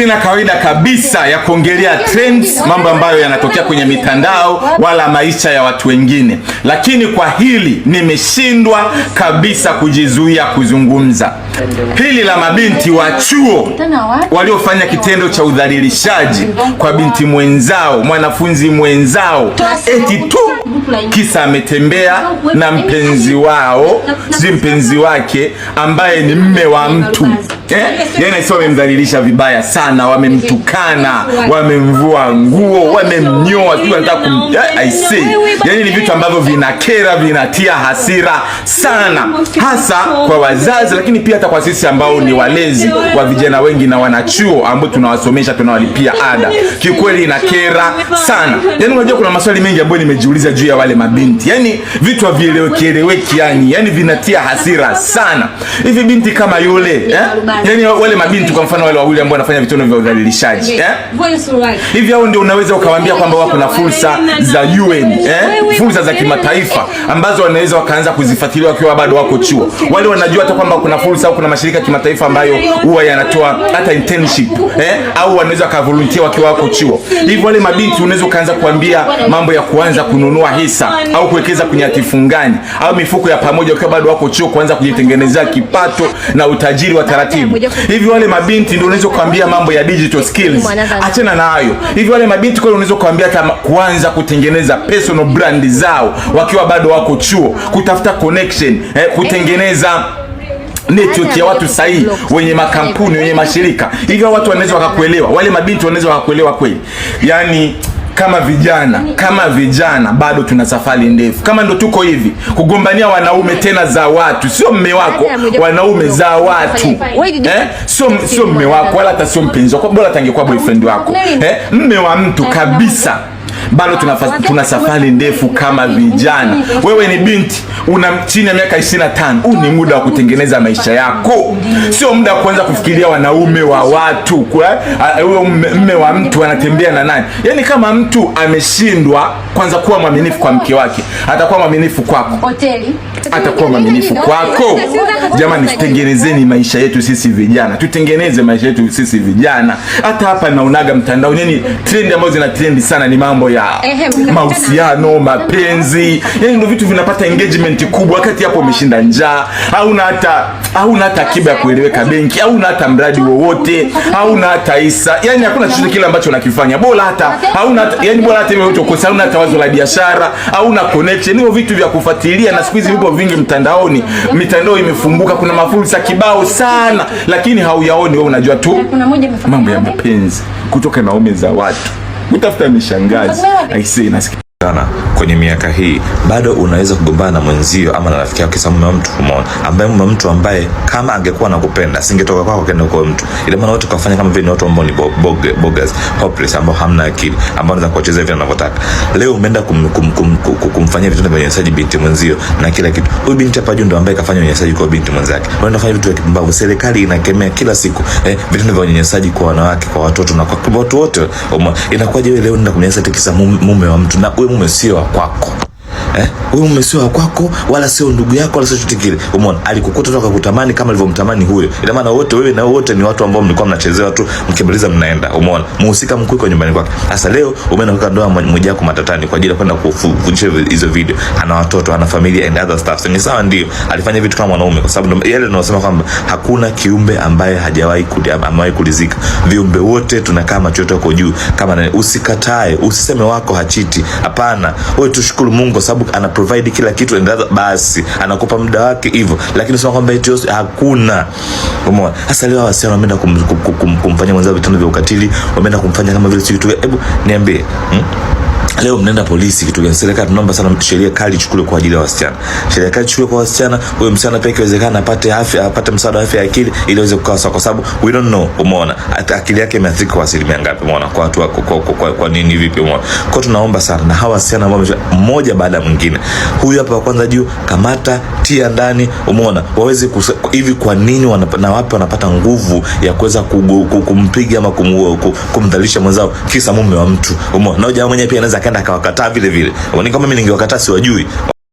sina kawaida kabisa ya kuongelea trends, mambo ambayo yanatokea kwenye mitandao wala maisha ya watu wengine, lakini kwa hili nimeshindwa kabisa kujizuia kuzungumza hili la mabinti wa chuo waliofanya kitendo cha udhalilishaji kwa binti mwenzao, mwanafunzi mwenzao, eti tu kisa ametembea na mpenzi wao, si mpenzi wake, ambaye ni mme wa mtu. Eh? na Esau yaani wamemdhalilisha vibaya sana, wamemtukana, wamemvua nguo, wamemnyoa, sijui wanataka kum eh, I see. Yaani ni vitu ambavyo vinakera, vinatia hasira sana, hasa kwa wazazi, lakini pia hata kwa sisi ambao ni walezi wa vijana wengi na wanachuo ambao tunawasomesha, tunawalipia ada. Kiukweli inakera sana. Yaani unajua kuna maswali mengi ambayo nimejiuliza juu ya wale mabinti. Yaani vitu havieleweki eleweki, yani, yani vinatia hasira sana. Hivi binti kama yule eh? Yaani, yaani wale mabinti yaani kwa mfano wale wawili ambao wanafanya vitendo vya udhalilishaji. Yaani eh? Hivi hao ndio unaweza ukawaambia kwamba wako na fursa za UN, eh? fursa za kimataifa ambazo wanaweza wakaanza kuzifuatilia wakiwa bado wako chuo. Wale wanajua hata kwamba kuna fursa au kuna mashirika ya kimataifa ambayo huwa yanatoa hata internship eh, au wanaweza wakavolunteer wakiwa wako chuo. Hivyo wale mabinti unaweza ukaanza kuambia mambo ya kuanza kununua hisa au kuwekeza kwenye hatifungani au mifuko ya pamoja wakiwa bado wako chuo, kuanza kujitengenezea kipato na utajiri wa taratibu. Hivi wale mabinti ndio unaweza kuambia mambo ya digital skills, achana nayo. Hivi wale mabinti kwa unaweza kuambia kuanza kutengeneza personal brand brandi zao wakiwa bado wako chuo, kutafuta connection eh, kutengeneza network ya watu sahihi wenye makampuni wenye mashirika hivyo, watu wanaweza wakakuelewa, wale mabinti wanaweza wakakuelewa kweli. Yani kama vijana, kama vijana bado tuna safari ndefu, kama ndo tuko hivi kugombania wanaume tena za watu, sio mme wako, wanaume za watu eh? Sio sio mme wako wala hata sio mpenzi wako, bora tangekuwa boyfriend wako eh? Mme wa mtu kabisa bado tuna, tuna safari ndefu kama vijana. Wewe ni binti una chini ya miaka 25, huu ni muda wa kutengeneza maisha yako, sio muda wa kuanza kufikiria wanaume wa watu. Huyo mme wa mtu anatembea na nani? Yaani kama mtu ameshindwa kwanza kuwa mwaminifu kwa mke wake, atakuwa mwaminifu kwako, hoteli atakuwa mwaminifu kwako. Jamani, tutengenezeni maisha yetu sisi vijana, tutengeneze maisha yetu sisi vijana. Hata hapa naonaga mtandao, yaani trend ambazo zina trend sana ni mambo ya familia, mahusiano, mapenzi, yani ndio vitu vinapata engagement kubwa. Wakati hapo umeshinda njaa, au na hata au na hata akiba ya kueleweka benki, au na hata mradi wowote, au na hata isa, yani hakuna chochote kile ambacho unakifanya, bora hata au na yani, bora hata wewe au na hata wazo la biashara, au na connection. Hiyo vitu vya kufuatilia, na siku hizi vipo vingi mtandaoni, mitandao imefunguka, kuna mafursa kibao sana, lakini hauyaoni wewe, unajua tu mambo ya mapenzi kutoka naume za watu mtafuta mishangazi aisee, nasikia sana kwenye miaka hii bado unaweza kugombana na mwenzio ama na rafiki yako, kisa mume mtu, umeona, ambaye mume mtu ambaye kama angekuwa anakupenda singetoka kwako kwenda kwa mtu. Ile maana wote kafanya kama vile ni watu ambao ni bogus, hopeless, ambao hamna akili, ambao wanaweza kucheza hivi wanavyotaka. Leo umeenda kumfanyia vitendo vya unyanyasaji binti mwenzio na kila kitu. Huyu binti hapa juu ndo ambaye kafanya unyanyasaji kwa binti mwenzake, wanaenda kufanya vitu vya kipumbavu. Serikali inakemea kila siku eh, vitendo vya unyanyasaji kwa wanawake, kwa watoto na kwa watu wote. Inakuwaje wewe leo unaenda kumnyanyasa tikisa mume wa mtu na huyo mume sio wa kwako eh? Wewe mume sio wako wala sio ndugu yako wala sio chochote kile. Umeona? Alikukuta toka kutamani kama alivyomtamani huyo. Ina maana wote wewe na wote ni watu ambao mlikuwa mnachezewa tu, mkimaliza mnaenda. Umeona? Muhusika mkuu kwa nyumbani kwake. Sasa leo umeenda kwa ndoa mmoja wako matatani kwa ajili ya kwenda kufundisha hizo video. Ana watoto, ana familia and other stuff. Ni sawa ndio. Alifanya vitu kama mwanaume kwa sababu yale tunasema kwamba hakuna kiumbe ambaye hajawahi amewahi kulizika. Viumbe wote tunakaa macho yetu kwa juu. Kama usikatae, usiseme wako hachiti. Hapana. Wewe tushukuru Mungu sababu ana provide kila kitu endapo basi anakupa muda wake hivyo, lakini sio kwamba eti hakuna. Umeona? Sasa leo wasichana wameenda kumfanya kum, kum, mwenzao vitendo vya ukatili, wameenda kumfanya kama vile sio tu. Hebu niambie hmm? Leo mnaenda polisi, kitu gani? Serikali tunaomba sana sheria kali chukule kwa ajili ya wasichana, sheria kali ichukuliwe kwa wasichana. Huyo msichana pekee ikiwezekana apate afya, apate msaada wa afya ya akili ili aweze kukaa sawa, kwa sababu we don't know, umeona akili yake imeathirika kwa asilimia ngapi? Umeona kwa watu wako kwa, kwa, kwa, kwa nini vipi? Umeona kwa, tunaomba sana na hawa wasichana ambao mmoja baada ya mwingine, huyu hapa wa kwanza juu, kamata tia ndani, umeona waweze hivi. Kwa nini wanapa, na wapi wanapata nguvu ya kuweza kumpiga ama kumdhalisha mwenzao kisa mume wa mtu? Umeona na mwenyewe pia anaweza akaenda akawakataa vile vile. Kwani kama mimi ningewakataa siwajui.